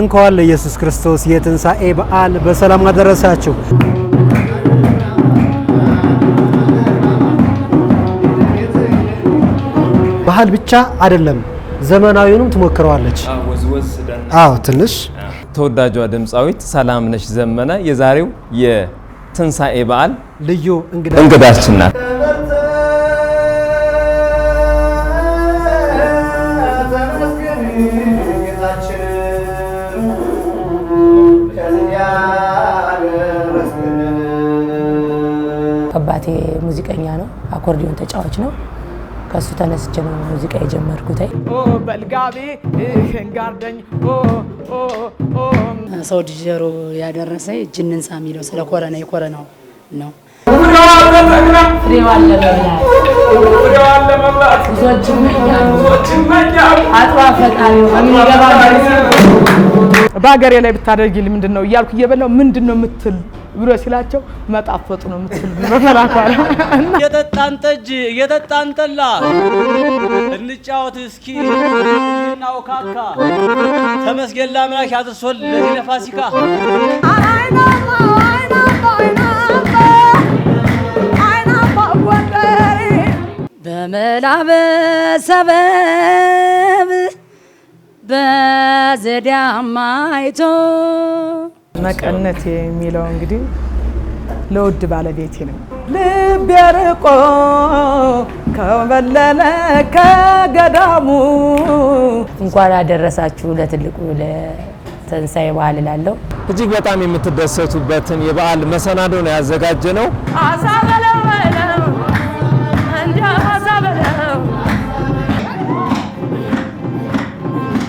እንኳን ለኢየሱስ ክርስቶስ የትንሣኤ በዓል በሰላም አደረሳችሁ። ባህል ብቻ አይደለም፣ ዘመናዊውንም ትሞክረዋለች። አዎ ትንሽ ተወዳጇ ድምፃዊት ሰላምነሽ ዘመነ የዛሬው ትንሣኤ በዓል ልዩ እንግዳችን ናት። አባቴ ሙዚቀኛ ነው፣ አኮርዲዮን ተጫዋች ነው። ከሱ ተነስቼ ነው ሙዚቃ የጀመርኩት። በልጋቤ ንጋርደኝ ሰው ዲጀሮ ያደረሰ እጅን እንሳ የሚለው ስለ ኮረና የኮረናው ነው። ብዙዎች መኛ አጥባ ፈጣሪ የሚገባ በሀገሬ ላይ ብታደርጊልኝ ምንድን ነው እያልኩ እየበላሁ ምንድን ነው የምትል ብሎ ሲላቸው መጣፈጡ ነው የምትል ብሎ የጠጣን ጠጅ የጠጣን ጠላ እንጫወት እስኪ እናውካካ ተመስገን ለአምላክ ያድርሶን ለዚህ ለፋሲካ በመላ በሰበብ ዘዳማይቶ መቀነት የሚለው እንግዲህ ለውድ ባለቤቴ ነው። ልብ ያርቆ ከበለለ ከገዳሙ እንኳን አደረሳችሁ ለትልቁ ለትንሳኤ በዓል እላለሁ። እጅግ በጣም የምትደሰቱበትን የበዓል መሰናዶ ነው ያዘጋጀ ነው።